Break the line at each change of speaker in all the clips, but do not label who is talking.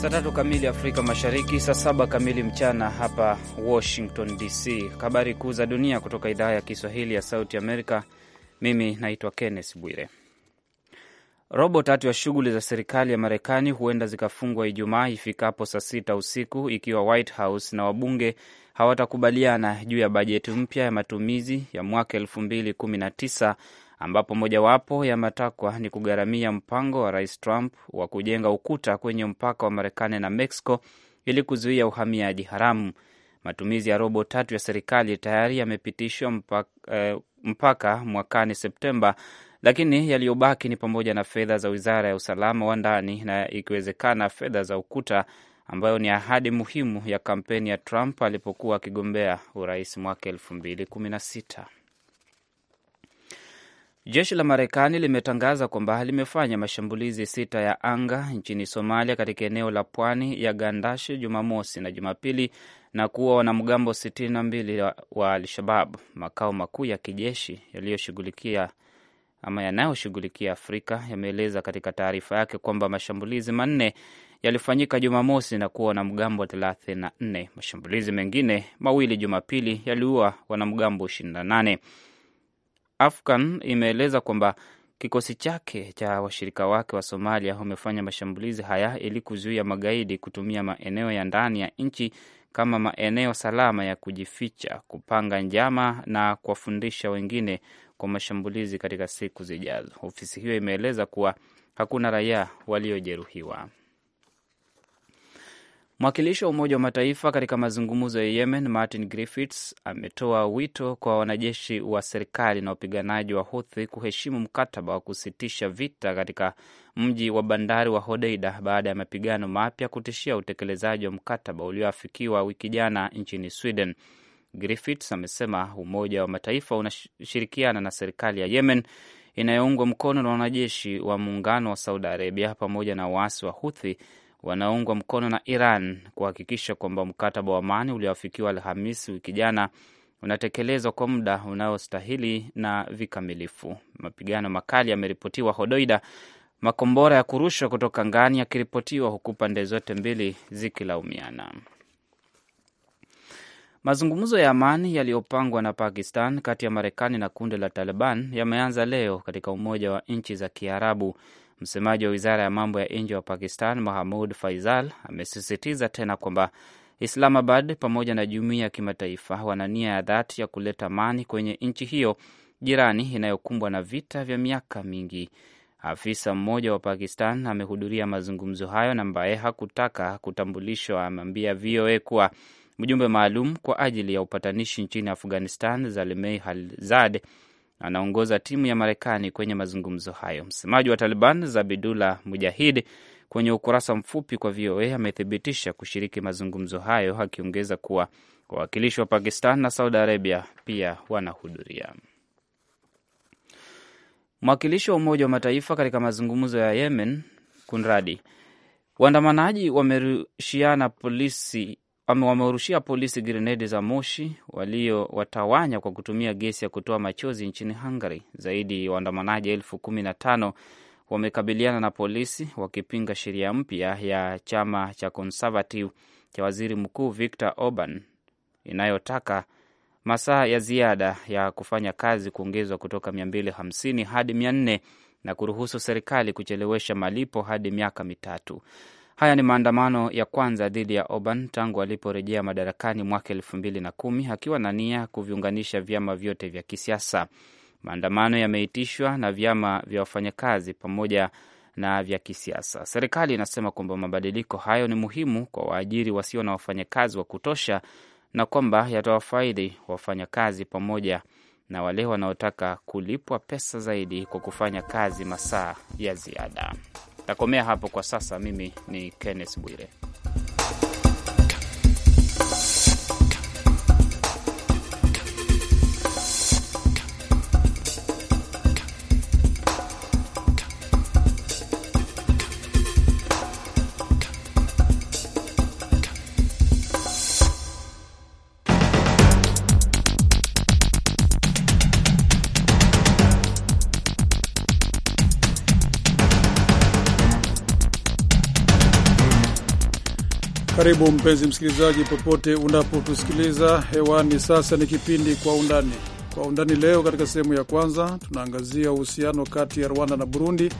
Saa tatu kamili Afrika Mashariki, saa saba kamili mchana hapa Washington DC. Habari kuu za dunia kutoka idhaa ya Kiswahili ya Sauti Amerika. Mimi naitwa Kenneth Bwire. Robo tatu ya shughuli za serikali ya Marekani huenda zikafungwa Ijumaa ifikapo saa sita usiku ikiwa White House na wabunge hawatakubaliana juu ya bajeti mpya ya matumizi ya mwaka elfu mbili kumi na tisa ambapo mojawapo ya matakwa ni kugharamia mpango wa Rais Trump wa kujenga ukuta kwenye mpaka wa Marekani na Mexico ili kuzuia uhamiaji haramu. Matumizi ya robo tatu ya serikali tayari yamepitishwa mpaka, eh, mpaka mwakani Septemba, lakini yaliyobaki ni pamoja na fedha za wizara ya usalama wa ndani na ikiwezekana fedha za ukuta, ambayo ni ahadi muhimu ya kampeni ya Trump alipokuwa akigombea urais mwaka elfu mbili kumi na sita. Jeshi la Marekani limetangaza kwamba limefanya mashambulizi sita ya anga nchini Somalia katika eneo la pwani ya Gandashi Jumamosi na Jumapili na kuwa wanamgambo 62 wa Al-Shabab. Makao makuu ya kijeshi yaliyoshughulikia ama yanayoshughulikia Afrika yameeleza katika taarifa yake kwamba mashambulizi manne yalifanyika Jumamosi na kuwa wanamgambo 34. Mashambulizi mengine mawili Jumapili yaliua wanamgambo 28. Afghan imeeleza kwamba kikosi chake cha washirika wake wa Somalia wamefanya mashambulizi haya ili kuzuia magaidi kutumia maeneo ya ndani ya nchi kama maeneo salama ya kujificha, kupanga njama na kuwafundisha wengine kwa mashambulizi katika siku zijazo. Ofisi hiyo imeeleza kuwa hakuna raia waliojeruhiwa. Mwakilishi wa Umoja wa Mataifa katika mazungumzo ya Yemen, Martin Griffiths, ametoa wito kwa wanajeshi wa serikali na wapiganaji wa huthi kuheshimu mkataba wa kusitisha vita katika mji wa bandari wa Hodeida baada ya mapigano mapya kutishia utekelezaji wa mkataba ulioafikiwa wiki jana nchini Sweden. Griffiths amesema Umoja wa Mataifa unashirikiana na serikali ya Yemen inayoungwa mkono na wanajeshi wa muungano wa Saudi Arabia pamoja na waasi wa huthi wanaungwa mkono na Iran kuhakikisha kwamba mkataba wa amani ulioafikiwa Alhamisi wiki jana unatekelezwa kwa muda unaostahili na vikamilifu. Mapigano makali yameripotiwa Hodoida, makombora ya kurushwa kutoka ngani yakiripotiwa, huku pande zote mbili zikilaumiana. Mazungumzo ya amani yaliyopangwa na Pakistan kati ya Marekani na kundi la Taliban yameanza leo katika Umoja wa Nchi za Kiarabu Msemaji wa wizara ya mambo ya nje wa Pakistan, Mahamud faizal amesisitiza tena kwamba Islamabad pamoja na jumuiya ya kimataifa wana nia ya dhati ya kuleta amani kwenye nchi hiyo jirani inayokumbwa na vita vya miaka mingi. Afisa mmoja wa Pakistan amehudhuria mazungumzo hayo na ambaye hakutaka kutambulishwa, ameambia VOA kuwa mjumbe maalum kwa ajili ya upatanishi nchini Afghanistan, Zalimei Halzad, anaongoza timu ya Marekani kwenye mazungumzo hayo. Msemaji wa Taliban Zabidullah Mujahid kwenye ukurasa mfupi kwa VOA amethibitisha kushiriki mazungumzo hayo, akiongeza kuwa wawakilishi wa Pakistan na Saudi Arabia pia wanahudhuria. Mwakilishi wa Umoja wa Mataifa katika mazungumzo ya Yemen, kunradi waandamanaji wamerushiana polisi wamewarushia polisi grenedi za moshi waliowatawanya kwa kutumia gesi ya kutoa machozi nchini Hungary. Zaidi ya waandamanaji elfu kumi na tano wamekabiliana na polisi wakipinga sheria mpya ya chama cha Conservative cha waziri mkuu Viktor Orban inayotaka masaa ya ziada ya kufanya kazi kuongezwa kutoka 250 hadi 400 na kuruhusu serikali kuchelewesha malipo hadi miaka mitatu. Haya ni maandamano ya kwanza dhidi ya Orban tangu aliporejea madarakani mwaka elfu mbili na kumi akiwa na nia kuviunganisha vyama vyote vya kisiasa. Maandamano yameitishwa na vyama vya wafanyakazi pamoja na vya kisiasa. Serikali inasema kwamba mabadiliko hayo ni muhimu kwa waajiri wasio na wafanyakazi wa kutosha na kwamba yatawafaidi wafanyakazi pamoja na wale wanaotaka kulipwa pesa zaidi kwa kufanya kazi masaa ya ziada. Takomea hapo kwa sasa. Mimi ni Kenneth Bwire.
Karibu mpenzi msikilizaji, popote unapotusikiliza hewani. Sasa ni kipindi kwa undani. Kwa undani leo, katika sehemu ya kwanza tunaangazia uhusiano kati ya Rwanda na Burundi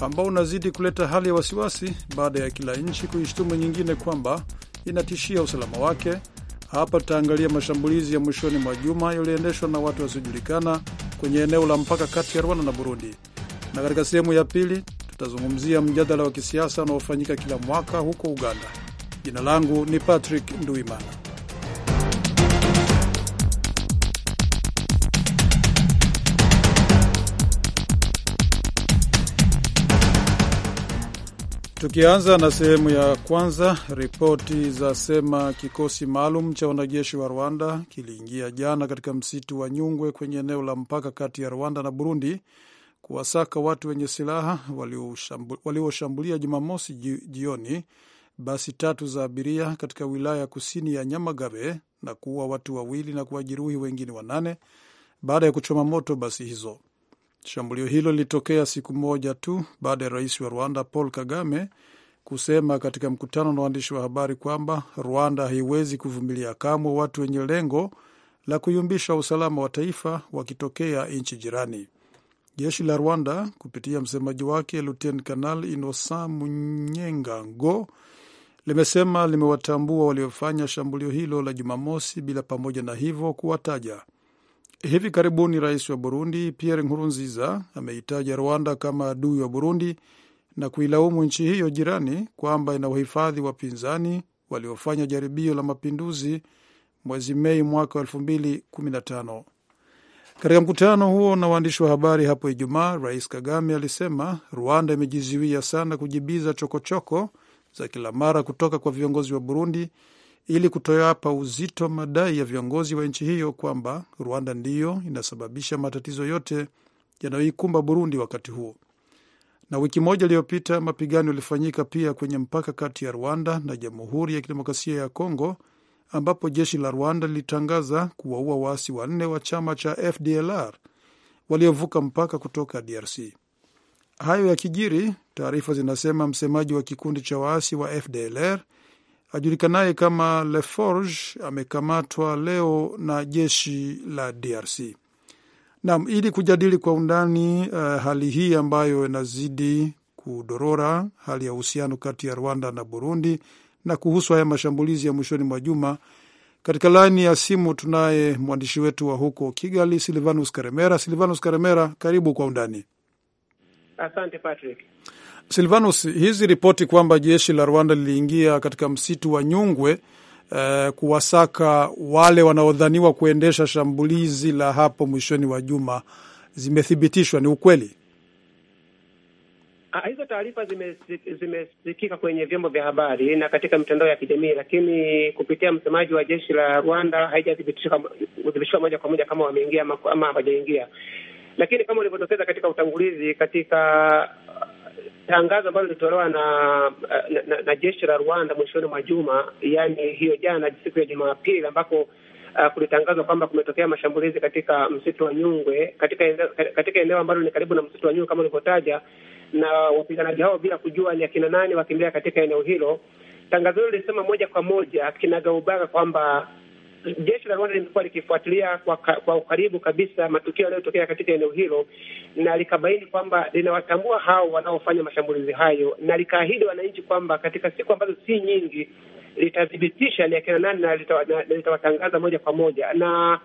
ambao unazidi kuleta hali ya wasiwasi baada ya kila nchi kuishtumu nyingine kwamba inatishia usalama wake. Hapa tutaangalia mashambulizi ya mwishoni mwa juma yaliyoendeshwa na watu wasiojulikana kwenye eneo la mpaka kati ya Rwanda na Burundi, na katika sehemu ya pili tutazungumzia mjadala wa kisiasa unaofanyika kila mwaka huko Uganda. Jina langu ni Patrick Nduimana. Tukianza na sehemu ya kwanza, ripoti za sema kikosi maalum cha wanajeshi wa Rwanda kiliingia jana katika msitu wa Nyungwe kwenye eneo la mpaka kati ya Rwanda na Burundi kuwasaka watu wenye silaha walioshambulia Jumamosi jioni basi tatu za abiria katika wilaya ya kusini ya Nyamagabe na kuua watu wawili na kuwajeruhi wengine wanane baada ya kuchoma moto basi hizo. Shambulio hilo lilitokea siku moja tu baada ya rais wa Rwanda Paul Kagame kusema katika mkutano na waandishi wa habari kwamba Rwanda haiwezi kuvumilia kamwe watu wenye lengo la kuyumbisha usalama wa taifa wakitokea nchi jirani. Jeshi la Rwanda kupitia msemaji wake Luteni Kanali Inosa Munyengango limesema limewatambua waliofanya shambulio hilo la Jumamosi bila pamoja na hivyo kuwataja. Hivi karibuni rais wa Burundi Pierre Nkurunziza ameitaja Rwanda kama adui wa Burundi na kuilaumu nchi hiyo jirani kwamba ina wahifadhi wapinzani waliofanya jaribio la mapinduzi mwezi Mei mwaka 2015. Katika mkutano huo na waandishi wa habari hapo Ijumaa, Rais Kagame alisema Rwanda imejizuia sana kujibiza chokochoko choko za kila mara kutoka kwa viongozi wa Burundi ili kutoyapa uzito madai ya viongozi wa nchi hiyo kwamba Rwanda ndiyo inasababisha matatizo yote yanayoikumba Burundi wakati huo. Na wiki moja iliyopita mapigano yalifanyika pia kwenye mpaka kati ya Rwanda na Jamhuri ya Kidemokrasia ya Kongo ambapo jeshi la Rwanda lilitangaza kuwaua waasi wanne wa chama cha FDLR waliovuka mpaka kutoka DRC. Hayo ya kijiri taarifa zinasema msemaji wa kikundi cha waasi wa FDLR ajulikanaye kama Leforge amekamatwa leo na jeshi la DRC. Naam, ili kujadili kwa undani uh, hali hii ambayo inazidi kudorora, hali ya uhusiano kati ya Rwanda na Burundi na kuhusu haya mashambulizi ya mwishoni mwa juma, katika laini ya simu tunaye mwandishi wetu wa huko Kigali, Silvanus Karemera. Silvanus Karemera, karibu kwa undani.
Asante Patrick.
Silvanus, hizi ripoti kwamba jeshi la Rwanda liliingia katika msitu wa Nyungwe eh, kuwasaka wale wanaodhaniwa kuendesha shambulizi la hapo mwishoni wa juma zimethibitishwa ni ukweli?
Ah, hizo taarifa zimesikika zime kwenye vyombo vya habari na katika mitandao ya kijamii, lakini kupitia msemaji wa jeshi la Rwanda haijathibitishwa moja kwa moja kama wameingia ama hawajaingia. Lakini kama ulivyotokeza katika utangulizi, katika uh, tangazo ambalo lilitolewa na uh, na, na, na jeshi la Rwanda mwishoni mwa juma, yani hiyo jana siku ya Jumapili ambako Uh, kulitangazwa kwamba kumetokea mashambulizi katika msitu wa Nyungwe katika eneo, katika eneo ambalo ni karibu na msitu wa Nyungwe kama ulivyotaja, na wapiganaji hao bila kujua ni akina nani wakimbia katika eneo hilo. Tangazo hilo lilisema moja kwa moja kinagaubaga kwamba jeshi la Rwanda limekuwa likifuatilia kwa, kwa ukaribu kabisa matukio yanayotokea katika eneo hilo, na likabaini kwamba linawatambua hao wanaofanya mashambulizi hayo, na likaahidi wananchi kwamba katika siku ambazo si nyingi litathibitisha ni akina nani na litawatangaza moja kwa moja na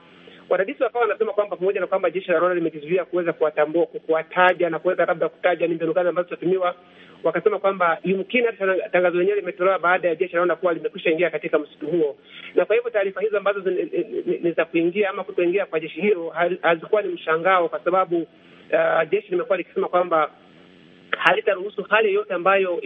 Wadadisi wakawa wanasema kwamba pamoja na kwamba jeshi la Rwanda limejizuia kuweza kuwatambua, kuwataja na kuweza labda kutaja ni mbinu gani ambazo zitatumiwa, wakasema kwamba yumkini hata tangazo lenyewe limetolewa baada ya jeshi la Rwanda kuwa limekwisha ingia katika msitu huo, na kwa hivyo taarifa hizo ambazo ni za kuingia ama kutoingia kwa jeshi hilo hazikuwa ni mshangao, kwa sababu uh, jeshi limekuwa likisema kwamba halitaruhusu hali yoyote ambayo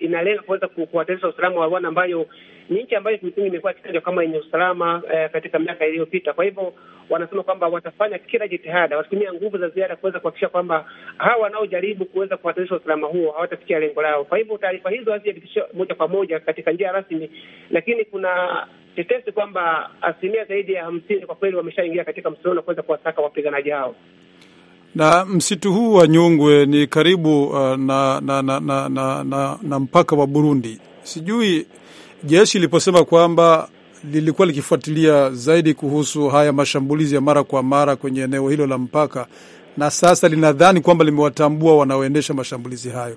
inalenga kuweza kuwatatiza usalama wa Rwanda, ambayo ni nchi ambayo kimsingi imekuwa ikitajwa kama yenye usalama eh, katika miaka iliyopita. Kwa hivyo wanasema kwamba watafanya kila jitihada, watatumia nguvu za ziada kuweza kuhakikisha kwamba hawa wanaojaribu kuweza kuwatatiza usalama huo hawatafikia lengo lao. Kwa hivyo taarifa hizo hazijathibitishwa moja kwa moja katika njia rasmi, lakini kuna tetesi kwamba asilimia zaidi ya hamsini kwa kweli wameshaingia katika msururu na kuweza kuwasaka wapiganaji hao.
Na msitu huu wa Nyungwe ni karibu uh, na, na, na, na, na, na, na mpaka wa Burundi. Sijui jeshi liliposema kwamba lilikuwa likifuatilia zaidi kuhusu haya mashambulizi ya mara kwa mara kwenye eneo hilo la mpaka, na sasa linadhani kwamba limewatambua wanaoendesha mashambulizi hayo.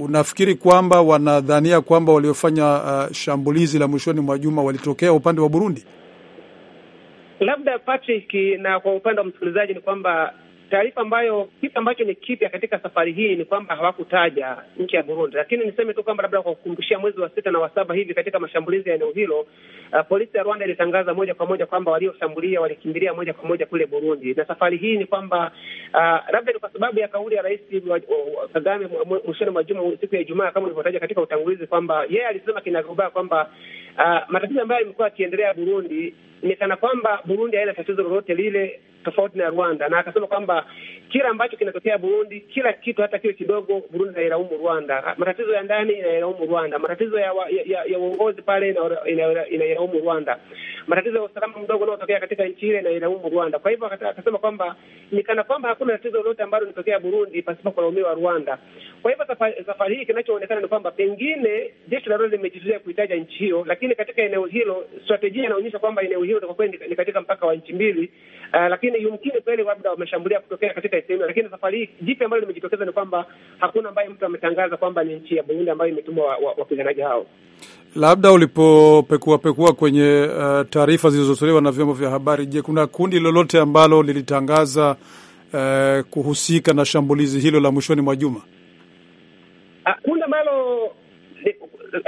Unafikiri kwamba wanadhania kwamba waliofanya uh, shambulizi la mwishoni mwa juma walitokea upande wa Burundi?
Labda Patrick, na kwa upande wa msikilizaji ni kwamba taarifa ambayo kitu ambacho ni kipya katika safari hii ni kwamba hawakutaja nchi ya Burundi, lakini niseme tu kwamba labda kwa kukumbushia, mwezi wa sita na wa saba hivi katika mashambulizi ya eneo hilo, uh, polisi ya Rwanda ilitangaza moja kwa moja kwamba walioshambulia walikimbilia moja kwa moja kule Burundi. Na safari hii ni kwamba uh, labda ni kwa sababu ya kauli ya Rais Kagame mwishoni mwa juma, siku ya Ijumaa, kama ulivyotaja katika utangulizi kwamba yeye yeah, alisema kinagubaa kwamba uh, matatizo ambayo yamekuwa yakiendelea Burundi ni kana kwamba Burundi haina tatizo lolote lile, tofauti na Rwanda, na akasema kwamba kila ambacho kinatokea Burundi, kila kitu, hata kile kidogo, Burundi inailaumu Rwanda. Matatizo ya ndani inailaumu Rwanda, matatizo ya wa, ya, ya uongozi pale inailaumu Rwanda, matatizo ya usalama mdogo unaotokea katika nchi ile inailaumu Rwanda. Kwa hivyo akasema kwamba ni kana kwamba hakuna tatizo lolote ambalo linatokea Burundi pasipo kulaumiwa Rwanda. Kwa hivyo safari, safari hii kinachoonekana ni kwamba pengine jeshi la Rwanda limejitolea kuitaja nchi hiyo, lakini katika eneo hilo strategia inaonyesha kwamba eneo hiyo kwa kweli ni katika mpaka wa nchi mbili uh, lakini yumkini kweli labda wameshambulia kutokea katika sehemu, lakini safari hii jipi ambalo limejitokeza ni kwamba hakuna ambaye mtu ametangaza kwamba ni nchi ya Burundi ambayo imetuma wapiganaji wa, wa hao.
Labda ulipopekua pekua kwenye uh, taarifa zilizotolewa na vyombo vya habari, je, kuna kundi lolote ambalo lilitangaza uh, kuhusika na shambulizi hilo la mwishoni mwa juma?
Uh, kundi ambalo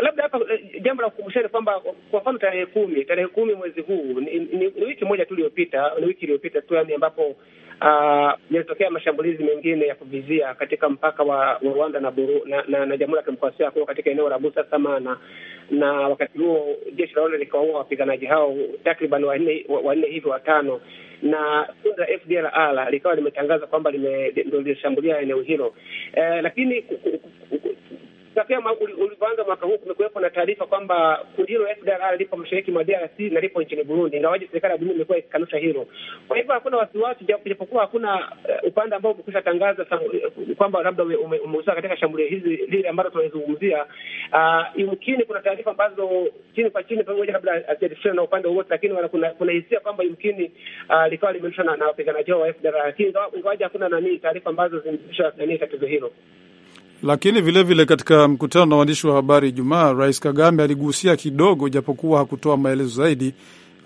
labda hapa eh, jambo la ni kwamba kwa mfano tarehe kumi tarehe kumi mwezi huu ni, ni, ni wiki moja tu iliyopita, ni wiki iliyopita tu yani ambapo ah, yalitokea mashambulizi mengine ya kuvizia katika mpaka wa Rwanda na na, na, na Jamhuri ya Kidemokrasia ya Kongo katika eneo la busa na, na wakati huo jeshi la Rwanda likawaua wapiganaji hao takriban wanne wa hivi watano, na kundi la FDLR likawa limetangaza kwamba ndio lilishambulia eneo hilo eh, lakini tokea ulivyoanza mwaka huu kumekuwepo na taarifa kwamba kundi hilo FDLR lipo mashariki mwa DRC na lipo nchini Burundi, ingawaje serikali ya Burundi imekuwa ikikanusha hilo. Kwa hivyo hakuna wasiwasi, japokuwa hakuna eh, upande ambao umekwisha tangaza eh, kwamba labda umehusika katika shambulio hizi lile ambalo tunalizungumzia. Ah, yumkini kuna taarifa ambazo chini kwa chini, pamoja kabla hazijatishiana na upande wowote, lakini kuna hisia kwamba yumkini ah, likawa limeisha na wapiganaji hao wa FDLR, lakini ingawaje hakuna nani taarifa ambazo zimeisha nani tatizo hilo.
Lakini vilevile vile katika mkutano na waandishi wa habari Ijumaa, Rais Kagame aligusia kidogo, japokuwa hakutoa maelezo zaidi.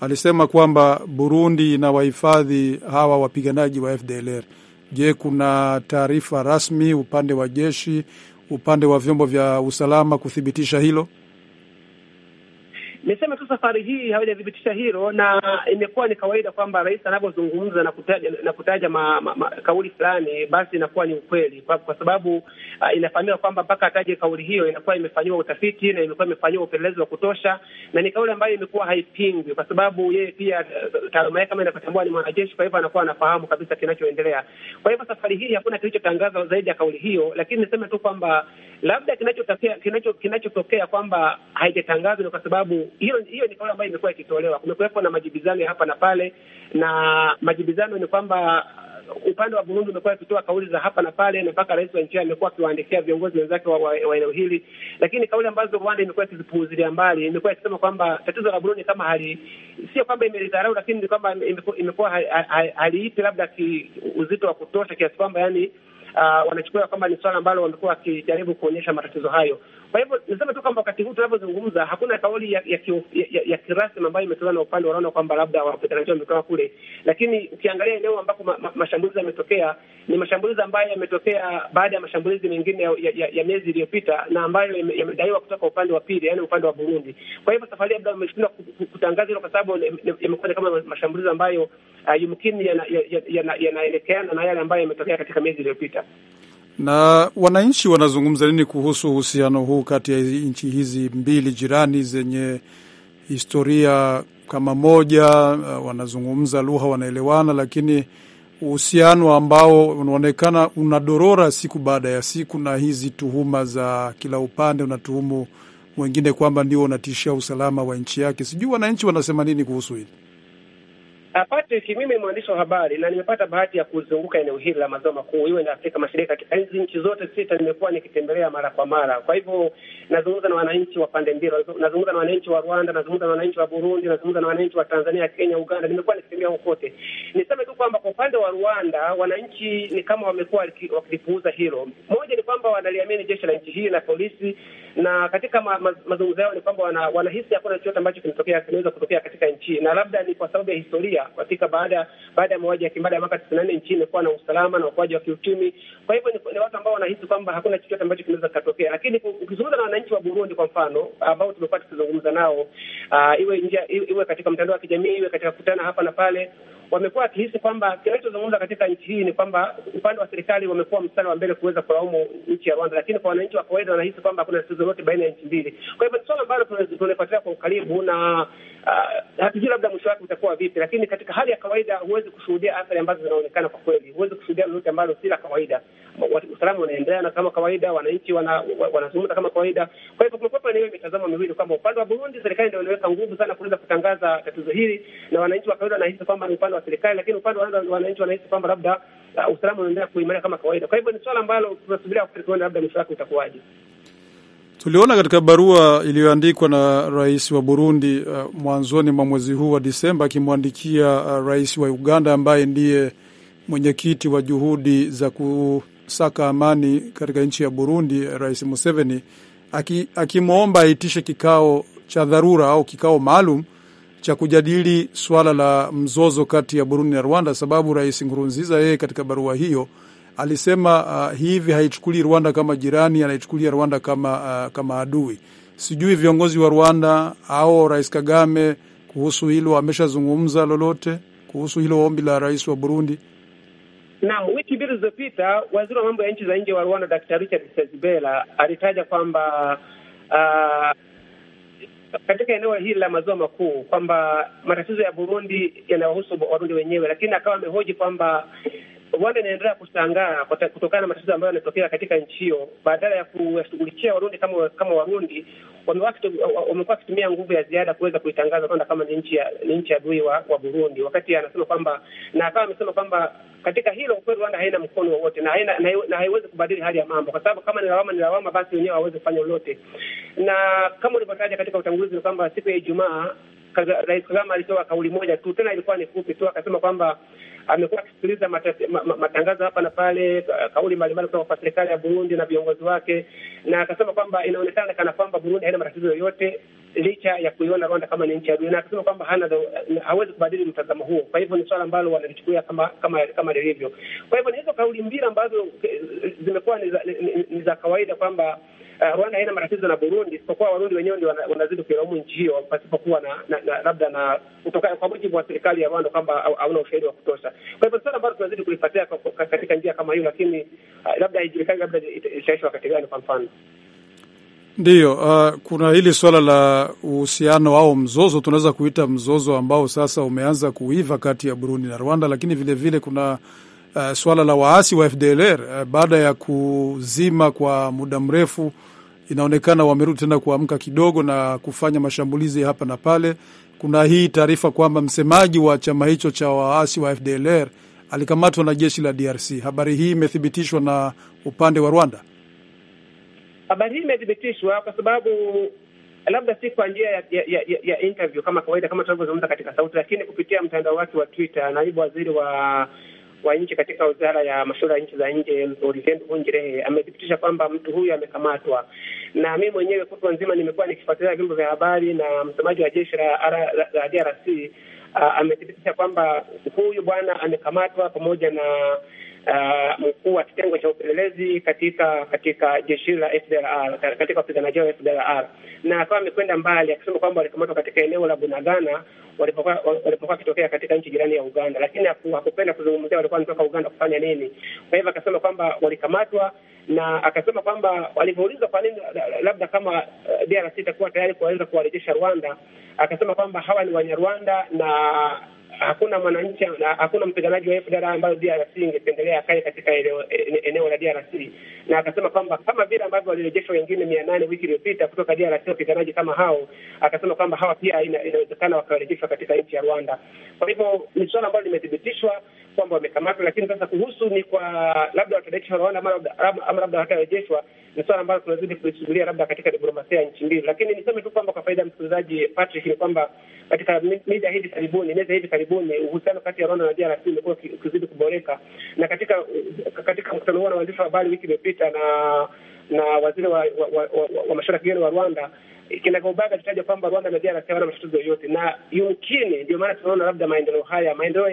Alisema kwamba Burundi na wahifadhi hawa wapiganaji wa FDLR. Je, kuna taarifa rasmi upande wa jeshi, upande wa vyombo vya usalama kuthibitisha hilo?
Niseme tu safari hii hawajathibitisha hilo, na imekuwa ni kawaida kwamba rais anavyozungumza na kutaja, na kutaja ma, ma, ma, kauli fulani, basi inakuwa ni ukweli kwa, kwa sababu uh, inafahamika kwamba mpaka ataje kauli hiyo inakuwa imefanyiwa utafiti na imekuwa imefanyiwa upelelezi wa kutosha, na ni kauli ambayo imekuwa haipingwi, kwa sababu yeye pia uh, taaluma yake kama inavyotambua ni mwanajeshi, kwa hivyo anakuwa anafahamu kabisa kinachoendelea. Kwa hivyo safari hii hakuna kilichotangaza zaidi ya kauli hiyo, lakini niseme tu kwamba labda kinachotokea kinacho kwamba haijatangazwa ni kwa sababu hiyo hiyo ni kauli ambayo imekuwa ikitolewa. Kumekuwepo na majibizano hapa na pale, na majibizano ni kwamba uh, upande wa Burundi umekuwa ukitoa kauli za hapa na pale, na mpaka rais wa nchi amekuwa akiwaandikia viongozi wenzake wa eneo hili, lakini kauli ambazo Rwanda imekuwa ikizipuuzilia mbali, imekuwa ikisema kwamba tatizo la Burundi kama hali sio kwamba imelidharau, lakini ni kwamba imekuwa haliipi labda uzito wa kutosha kiasi kwamba yani, uh, wanachukua kwamba ni swala ambalo wamekuwa wakijaribu kuonyesha matatizo hayo. Kwa hivyo niseme tu kwamba wakati huu tunavyozungumza, hakuna kauli ya ya, ya, ya, ya kirasmi ambayo imetolewa na upande wanaona kwamba labda wapiganaji wametoka kule, lakini ukiangalia eneo ambapo ma, ma, mashambulizi yametokea ni mashambulizi ambayo yametokea baada ya mashambulizi mengine ya, ya, ya miezi iliyopita na ambayo yamedaiwa kutoka upande wa pili, yani upande wa Burundi. Kwa hivyo safari labda wameshindwa kutangaza hilo kwa sababu yamekuwa kama mashambulizi ambayo uh, yumkini yanaelekeana ya, ya, ya, ya na yale ambayo yametokea katika miezi iliyopita.
Na wananchi wanazungumza nini kuhusu uhusiano huu kati ya nchi hizi mbili jirani zenye historia kama moja? Uh, wanazungumza lugha, wanaelewana, lakini uhusiano ambao unaonekana unadorora siku baada ya siku, na hizi tuhuma za kila upande, unatuhumu wengine kwamba ndio unatishia usalama wa nchi yake. Sijui wananchi wanasema nini kuhusu hili?
Patrick, mimi mwandishi wa habari na nimepata bahati ya kuzunguka eneo hili la maziwa makuu, iwe ni Afrika Mashariki, katika hizi nchi zote sita nimekuwa nikitembelea mara kwa mara. Kwa hivyo nazungumza na wananchi wa pande mbili, nazungumza na wananchi wa Rwanda, nazungumza na wananchi wa Burundi, nazungumza na wananchi wa Tanzania, Kenya, Uganda, nimekuwa nikitembea kote. Niseme tu kwamba kwa upande wa Rwanda wananchi ni kama wamekuwa wakilipuuza hilo. Moja ni kwamba wanaliamini jeshi la nchi hii na polisi na katika ma, ma, mazungumzo yao ni kwamba wana, wanahisi hakuna chochote ambacho kinatokea kinaweza kutokea katika nchi, na labda ni kwa sababu ya historia katika baada baada ya mauaji ya kimbari ya mwaka tisini na nne nchi imekuwa na usalama na ukuaji wa kiuchumi. Kwa hivyo ni, ni watu ambao wanahisi kwamba hakuna chochote ambacho kinaweza kikatokea, lakini ukizungumza na wananchi wa Burundi kwa mfano ambao tumekuwa tukizungumza nao uh, iwe njia iwe katika mtandao wa kijamii iwe katika kukutana hapa na pale wamekuwa wakihisi kwamba kinachozungumza katika nchi hii ni kwamba upande wa serikali wamekuwa mstari wa mbele kuweza kulaumu nchi ya Rwanda, lakini kwa wananchi wa kawaida wanahisi kwamba hakuna tatizo lolote baina ya nchi mbili. Kwa hivyo ni swala ambalo tunalifuatilia kwa ukaribu na Uh, hatujui labda mwisho wake utakuwa vipi, lakini katika hali ya kawaida huwezi kushuhudia athari ambazo zinaonekana kwa kweli. Huwezi kushuhudia lolote ambalo si la kawaida. Usalama unaendelea na kama kawaida, wananchi wanazungumza kama kawaida. Kwa hivyo kumekuwa na hiyo mitazamo miwili kwamba upande wa Burundi serikali ndio inaweka nguvu sana kuweza kutangaza tatizo hili, na wananchi wa kawaida wanahisi kwamba ni upande wa serikali, lakini upande wa wananchi wanahisi kwamba labda uh, usalama unaendelea kuimarika kama kawaida. Kwa hivyo ni swala ambalo tunasubiria kuona labda mwisho wake utakuwaje.
Tuliona katika barua iliyoandikwa na rais wa Burundi uh, mwanzoni mwa mwezi huu wa Disemba akimwandikia uh, rais wa Uganda ambaye ndiye mwenyekiti wa juhudi za kusaka amani katika nchi ya Burundi, Rais Museveni akimwomba aki aitishe kikao cha dharura au kikao maalum cha kujadili swala la mzozo kati ya Burundi na Rwanda, sababu Rais Nkurunziza yeye katika barua hiyo alisema uh, hivi haichukuli Rwanda kama jirani, anaichukulia Rwanda kama, uh, kama adui. Sijui viongozi wa Rwanda au Rais Kagame kuhusu hilo ameshazungumza lolote kuhusu hilo ombi la rais wa Burundi?
Naam, wiki mbili zilizopita waziri wa mambo ya nchi za nje wa Rwanda Daktari Richard sezibela alitaja kwamba uh, katika eneo hili la maziwa makuu kwamba matatizo ya Burundi yanayohusu Warundi wenyewe, lakini akawa amehoji kwamba Rwanda inaendelea kushangaa kutokana na matatizo ambayo yanatokea katika nchi hiyo. Badala ya kuwashughulikia Warundi kama kama Warundi, wamekuwa wakitumia nguvu ya ziada kuweza kuitangaza Rwanda kama ni nchi ya ni nchi adui wa, wa Burundi, wakati anasema kwamba na akawa amesema kwamba katika hilo kweli Rwanda haina mkono wowote na haina na haiwezi kubadili hali ya mambo, kwa sababu kama ni lawama ni lawama, basi wenyewe hawawezi kufanya lolote. Na kama ulivyotaja katika utangulizi, ni kwamba siku ya Ijumaa Rais Kagame alitoa kauli moja tu, tena ilikuwa ni fupi tu, akasema kwamba amekuwa akisikiliza matangazo hapa na pale, kauli mbalimbali kutoka kwa serikali ya Burundi na viongozi wake, na akasema kwamba inaonekana kana kwamba Burundi haina matatizo yoyote licha ya kuiona Rwanda kama ni nchi adui, na akasema kwamba hana hawezi kubadili mtazamo huo. Kwa hivyo ni swala ambalo wanalichukulia kama kama kama lilivyo. Kwa hivyo ni hizo kauli mbili ambazo zimekuwa ni za kawaida kwamba uh, eh, Rwanda haina matatizo na Burundi, isipokuwa Warundi wenyewe ndio wanazidi kuilaumu nchi hiyo pasipokuwa na, na, na labda na kutoka kwa mujibu wa serikali ya Rwanda kwamba hauna ushahidi wa kutosha. Kwa hivyo swala ambalo tunazidi kulifuatia katika njia kama hiyo, lakini uh, labda haijulikani labda itaisha wakati gani, kwa mfano
Ndiyo, uh, kuna hili swala la uhusiano au mzozo, tunaweza kuita mzozo ambao sasa umeanza kuiva kati ya Burundi na Rwanda, lakini vilevile vile kuna Eh, swala la waasi wa FDLR uh, eh, baada ya kuzima kwa muda mrefu, inaonekana wamerudi tena kuamka kidogo na kufanya mashambulizi hapa na pale. Kuna hii taarifa kwamba msemaji wa chama hicho cha waasi wa FDLR alikamatwa na jeshi la DRC. Habari hii imethibitishwa na upande wa Rwanda.
Habari hii imethibitishwa kwa sababu labda si kwa njia ya, ya, ya, ya interview kama kawaida, kama tunavyozungumza katika sauti, lakini kupitia mtandao wake wa Twitter, naibu waziri wa wa nchi katika wizara ya masuala ya nchi za nje Olivier Nduhungirehe amethibitisha kwamba mtu huyu amekamatwa, na mimi mwenyewe kutwa nzima nimekuwa nikifuatilia vyombo vya habari na msemaji wa jeshi la DRC amethibitisha kwamba huyu bwana amekamatwa pamoja na Uh, mkuu wa kitengo cha upelelezi katika katika jeshi la FDLR katika wapiganaji wa FDLR, na akawa amekwenda mbali akisema kwamba walikamatwa katika eneo la Bunagana walipokuwa wakitokea katika nchi jirani ya Uganda, lakini hakupenda kuzungumzia walikuwa wanatoka Uganda kufanya nini. Kwa hivyo akasema kwamba walikamatwa, na akasema kwamba walivyoulizwa kwa nini labda kama eh, DRC itakuwa tayari kuweza kuwarejesha Rwanda, akasema kwamba hawa ni Wanyarwanda na hakuna mwananchi, hakuna mpiganaji wa FDR ambayo DRC ingependelea akae katika eneo la DRC, na akasema kwamba kama vile ambavyo walirejeshwa wengine mia nane wiki iliyopita kutoka DRC, wapiganaji kama hao, akasema kwamba hawa pia inawezekana wakarejeshwa katika nchi ya Rwanda. Kwa hivyo ni suala ambalo limethibitishwa kwamba wamekamatwa, lakini sasa kuhusu ni kwa labda watarejeshwa Rwanda ama labda watarejeshwa ni swala ambalo tunazidi kulisubiria labda katika diplomasia ya nchi mbili, lakini niseme tu kwamba kwa faida ya msikilizaji Patrick ni kwamba katika mida hivi karibuni, miezi hivi karibuni, uhusiano kati ya Rwanda na DRC umekuwa ukizidi kuboreka, na katika katika mkutano huo na waandishi wa habari wiki iliyopita na na waziri wa, wa, wa, wa, wa wa ya kigeni wa Rwanda kinagaubaga alitaja kwamba Rwanda na DRC hawana matatizo yoyote, na yumkini ndio maana tunaona labda maendeleo haya, maendeleo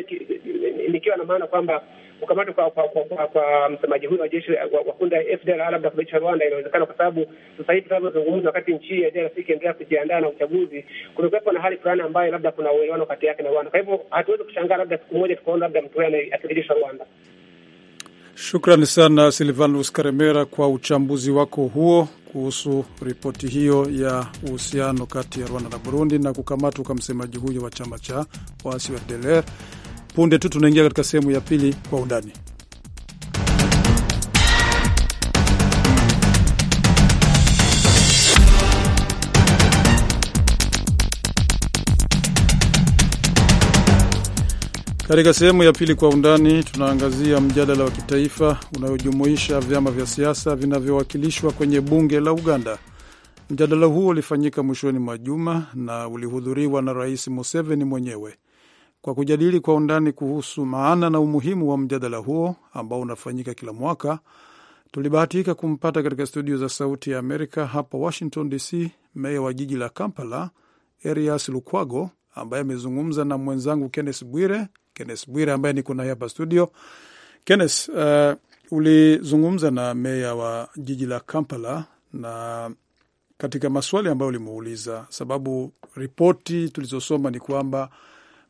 nikiwa na maana kwamba kukamatwa kwa kwa, kwa, kwa, kwa msemaji huyo wa jeshi wa kundi la FDLR labda kumeisha Rwanda inawezekana, kwa sababu sasa hivi tunavyozungumza, wakati nchi ya DRC ikiendelea kujiandaa na uchaguzi, kumekuwepo na hali fulani ambayo labda kuna uelewano kati yake na Rwanda. Kwa hivyo hatuwezi kushangaa labda siku moja tukaona labda mtuane akirejeshwa Rwanda.
Shukrani sana Silvanus Karemera kwa uchambuzi wako huo kuhusu ripoti hiyo ya uhusiano kati ya Rwanda na Burundi na kukamatwa kwa msemaji huyo wa chama cha waasi wa DLR. Punde tu tunaingia katika sehemu ya pili kwa undani. Katika sehemu ya pili kwa undani, tunaangazia mjadala wa kitaifa unayojumuisha vyama vya siasa vinavyowakilishwa kwenye bunge la Uganda. Mjadala huo ulifanyika mwishoni mwa juma na ulihudhuriwa na Rais Museveni mwenyewe kwa kujadili kwa undani kuhusu maana na umuhimu wa mjadala huo ambao unafanyika kila mwaka. Tulibahatika kumpata katika studio za Sauti ya Amerika hapa Washington DC, meya wa jiji la Kampala Erias Lukwago, ambaye amezungumza na mwenzangu Kennes Bwire. Kennes Bwire ambaye niko naye hapa studio. Kennes, uh, ulizungumza na meya wa jiji la Kampala na katika maswali ambayo ulimuuliza, sababu ripoti tulizosoma ni kwamba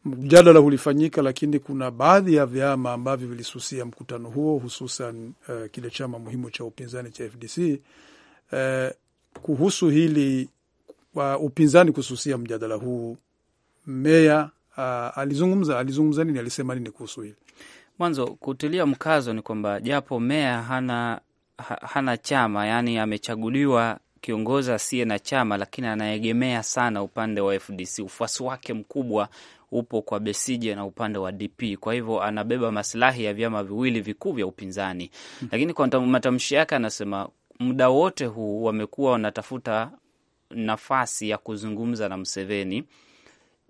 mjadala ulifanyika, lakini kuna baadhi ya vyama ambavyo vilisusia mkutano huo, hususan uh, kile chama muhimu cha upinzani cha FDC uh, eh, kuhusu hili wa upinzani kususia mjadala huu. Meya uh, alizungumza alizungumza nini, alisema nini kuhusu hili?
Mwanzo kutulia mkazo ni kwamba japo meya hana, hana chama, yaani amechaguliwa kiongozi asiye na chama, lakini anaegemea sana upande wa FDC. Ufuasi wake mkubwa upo kwa Besije na upande wa DP. Kwa hivyo anabeba masilahi ya vyama viwili vikuu vya upinzani, hmm. lakini kwa matamshi yake anasema muda wote huu wamekuwa wanatafuta nafasi ya kuzungumza na Mseveni.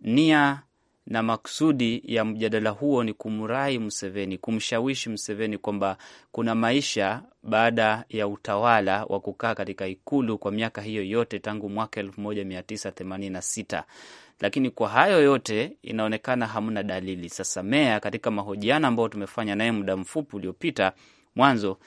Nia na maksudi ya mjadala huo ni kumrai Mseveni, kumshawishi Mseveni kwamba kuna maisha baada ya utawala wa kukaa katika ikulu kwa miaka hiyo yote tangu mwaka elfu moja mia tisa themanini na sita. Lakini kwa hayo yote inaonekana hamna dalili. Sasa meya, katika mahojiano ambayo tumefanya naye muda mfupi uliopita, mwanzo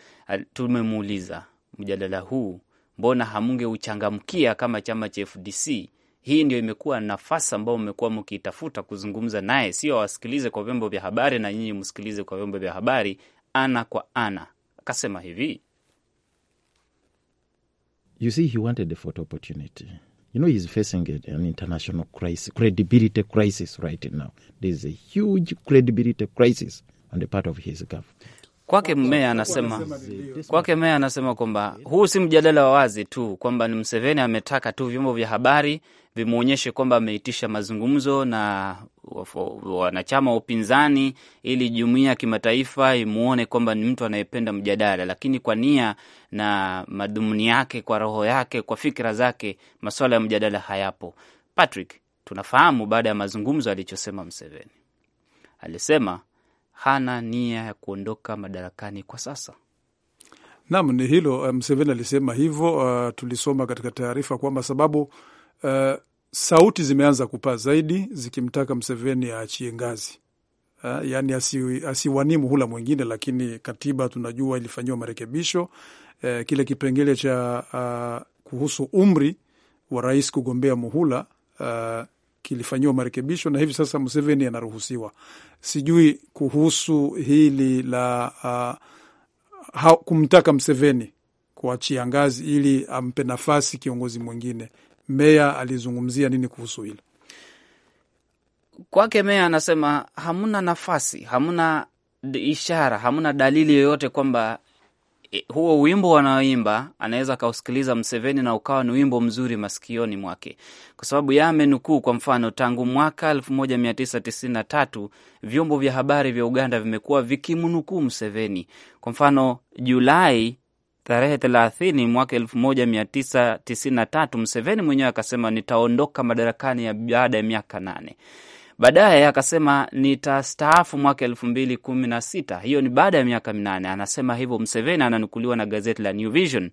tumemuuliza mjadala huu, mbona hamngeuchangamkia kama chama cha FDC? Hii ndio imekuwa nafasi ambayo mmekuwa mkiitafuta kuzungumza naye, sio awasikilize kwa vyombo vya habari na nyinyi msikilize kwa vyombo vya habari ana kwa ana. Akasema hivi,
you see he wanted photo opportunity you know, he's facing an international crisis, credibility crisis right now. There's a huge credibility crisis on the part of his government.
Kwake mmea anasema kwake mmea anasema kwamba huu si mjadala wa wazi tu, kwamba ni Mseveni ametaka tu vyombo vya habari vimwonyeshe kwamba ameitisha mazungumzo na wanachama wa upinzani, ili jumuiya ya kimataifa imwone kwamba ni mtu anayependa mjadala, lakini kwa nia na madhumuni yake, kwa roho yake, kwa fikira zake, masuala ya mjadala hayapo. Patrick, tunafahamu baada ya mazungumzo alichosema Mseveni, alisema hana nia ya kuondoka madarakani kwa sasa.
Naam, ni hilo eh, Mseveni alisema hivyo. Uh, tulisoma katika taarifa kwamba sababu uh, sauti zimeanza kupaa zaidi zikimtaka Mseveni aachie ngazi uh, yaani asiwanii asi muhula mwingine, lakini katiba tunajua ilifanyiwa marekebisho uh, kile kipengele cha uh, kuhusu umri wa rais kugombea muhula uh, kilifanyiwa marekebisho na hivi sasa Museveni anaruhusiwa. Sijui kuhusu hili la uh, ha, kumtaka Museveni kuachia ngazi ili ampe nafasi kiongozi mwingine. Meya alizungumzia nini kuhusu hilo?
Kwake meya anasema hamna nafasi, hamna ishara, hamna dalili yoyote kwamba huo wimbo wanaoimba anaweza akausikiliza Mseveni na ukawa ni wimbo mzuri masikioni mwake, kwa sababu ya amenukuu. Kwa mfano, tangu mwaka 1993 vyombo vya habari vya Uganda vimekuwa vikimnukuu Mseveni. Kwa mfano, Julai tarehe 30 mwaka 1993 Mseveni mwenyewe akasema, nitaondoka madarakani ya baada ya miaka nane. Baadaye akasema nitastaafu mwaka elfu mbili kumi na sita. Hiyo ni baada ya miaka minane. Anasema hivyo Mseveni, ananukuliwa na gazeti la New Vision.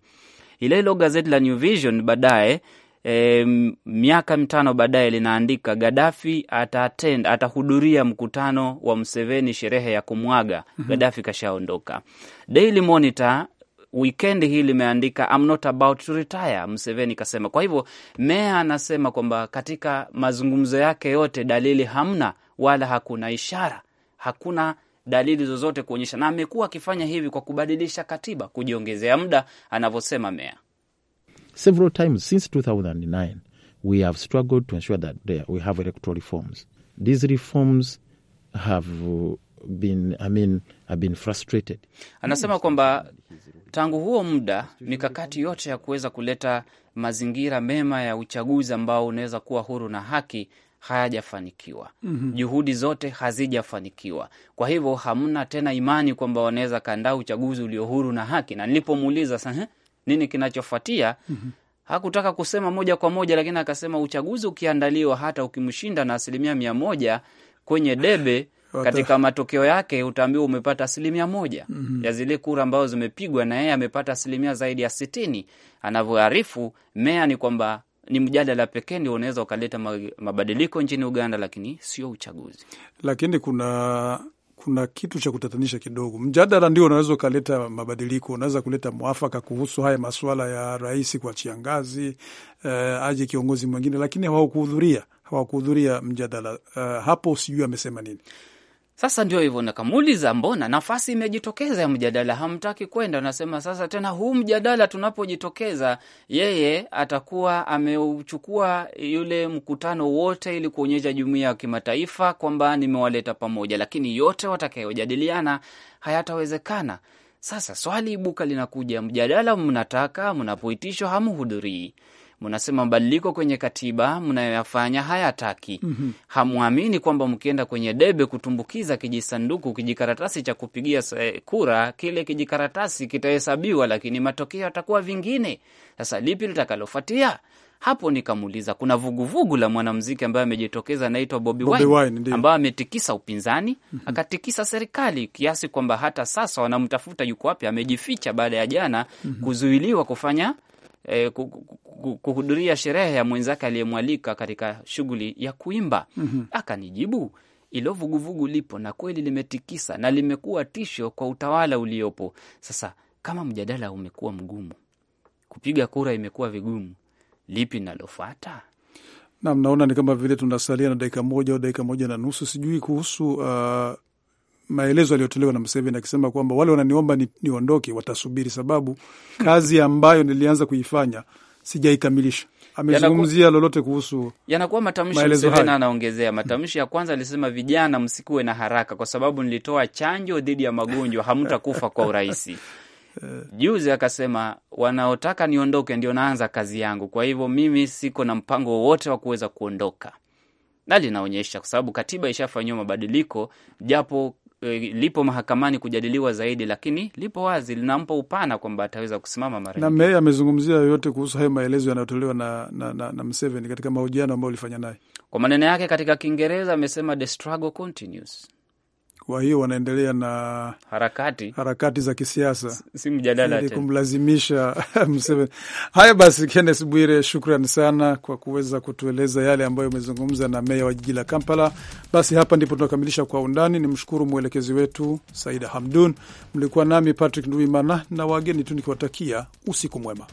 Ile hilo gazeti la New Vision baadaye E, miaka mitano baadaye linaandika gadafi atatend atahudhuria mkutano wa Mseveni, sherehe ya kumwaga mhm. gadafi kashaondoka. Daily Monitor wikendi hii limeandika I'm not about to retire, kasema. Kwa hivyo meya anasema kwamba katika mazungumzo yake yote dalili hamna, wala hakuna ishara, hakuna dalili zozote kuonyesha, na amekuwa akifanya hivi kwa kubadilisha katiba kujiongezea muda, anavyosema meya.
Several times since 2009 we have struggled to ensure that there we have electoral reforms. These reforms have been, I mean, have been frustrated.
Anasema kwamba Tangu huo muda, mikakati yote ya kuweza kuleta mazingira mema ya uchaguzi ambao unaweza kuwa huru na haki hayajafanikiwa. mm -hmm. Juhudi zote hazijafanikiwa, kwa hivyo hamna tena imani kwamba wanaweza kaandaa uchaguzi ulio huru na haki. Na nilipomuuliza sasa nini kinachofuatia, mm -hmm. hakutaka kusema moja kwa moja, lakini akasema uchaguzi ukiandaliwa, hata ukimshinda na asilimia mia moja kwenye debe katika matokeo yake utaambiwa umepata asilimia moja mm -hmm. ya zile kura ambazo zimepigwa, na yeye amepata asilimia zaidi ya sitini. Anavyoarifu meya ni kwamba ni mjadala pekee ndio unaweza ukaleta mabadiliko nchini Uganda, lakini sio uchaguzi.
Lakini kuna kuna kitu cha kutatanisha kidogo. Mjadala ndio unaweza ukaleta mabadiliko, unaweza kuleta mwafaka kuhusu haya masuala ya rais kuachia ngazi, uh, aje kiongozi mwingine, lakini hawakuhudhuria hawakuhudhuria mjadala uh, hapo sijui amesema nini.
Sasa ndio hivyo, nakamuuliza mbona nafasi imejitokeza ya mjadala, hamtaki kwenda? nasema sasa tena huu mjadala tunapojitokeza, yeye atakuwa ameuchukua yule mkutano wote, ili kuonyesha jumuiya ya kimataifa kwamba nimewaleta pamoja, lakini yote watakayojadiliana hayatawezekana. Sasa swali ibuka linakuja, mjadala mnataka, mnapoitishwa hamhudhurii mnasema mabadiliko kwenye katiba mnayoyafanya hayataki. mm -hmm. Hamwamini kwamba mkienda kwenye debe kutumbukiza kijisanduku, kijikaratasi cha kupigia kura, kile kijikaratasi kitahesabiwa, lakini matokeo yatakuwa vingine. Sasa lipi litakalofuatia? Hapo nikamuuliza, kuna vuguvugu vugu la mwanamziki ambaye amejitokeza anaitwa Bobi Wine, ambaye ametikisa upinzani mm -hmm. akatikisa serikali kiasi kwamba hata sasa wanamtafuta yuko wapi, amejificha baada ya jana mm -hmm. kuzuiliwa kufanya eh, kuhudhuria sherehe ya mwenzake aliyemwalika katika shughuli ya kuimba mm -hmm. Akanijibu ilo vuguvugu lipo na kweli limetikisa na limekuwa tisho kwa utawala uliopo sasa. Kama mjadala umekuwa mgumu, kupiga kura imekuwa vigumu, lipi nalofuata?
Nam, naona ni kama vile tunasalia na dakika moja au dakika moja na nusu, sijui kuhusu uh maelezo yaliyotolewa na Museveni akisema kwamba wale wananiomba niondoke ni, watasubiri, sababu kazi ambayo nilianza kuifanya sijaikamilisha. Amezungumzia lolote kuhusu yanakuwa matamshi Museveni
anaongezea matamshi ya kwanza, alisema vijana, msikuwe na haraka, kwa sababu nilitoa chanjo dhidi ya magonjwa, hamtakufa kwa urahisi. Juzi akasema wanaotaka niondoke ndio naanza kazi yangu, kwa hivyo mimi siko na mpango wowote wa kuweza kuondoka, na linaonyesha kwa sababu katiba ishafanyiwa mabadiliko, japo Eh, lipo mahakamani kujadiliwa zaidi, lakini lipo wazi, linampa upana kwamba ataweza kusimama mara na
Mei amezungumzia yoyote kuhusu hayo maelezo yanayotolewa na, na, na, na Mseveni katika mahojiano ambayo ulifanya naye.
Kwa maneno yake katika Kiingereza amesema the struggle continues.
Kwa hiyo wanaendelea na harakati, harakati za kisiasa si mjadala tena kumlazimisha Museveni. Haya basi, Kenneth Bwire, shukran sana kwa kuweza kutueleza yale ambayo umezungumza na meya wa jiji la Kampala. Basi hapa ndipo tunakamilisha kwa undani. Ni mshukuru mwelekezi wetu Saida Hamdun, mlikuwa nami Patrick Nduimana na wageni tu nikiwatakia usiku mwema.